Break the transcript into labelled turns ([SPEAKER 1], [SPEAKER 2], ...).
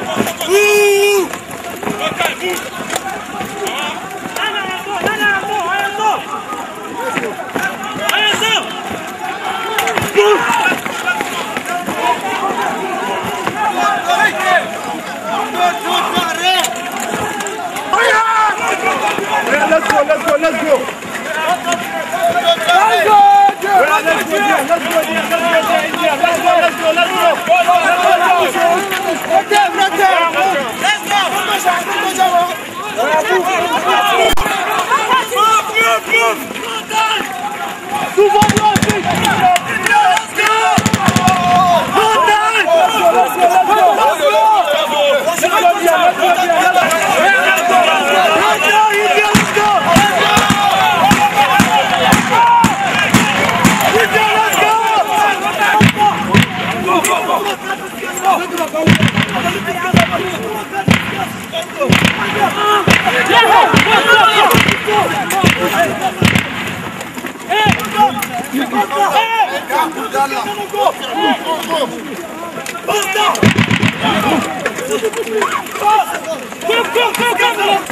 [SPEAKER 1] Uh!
[SPEAKER 2] Let's go, let's go, let's go!
[SPEAKER 3] Let's
[SPEAKER 4] go!
[SPEAKER 5] Go, go, go, go, go!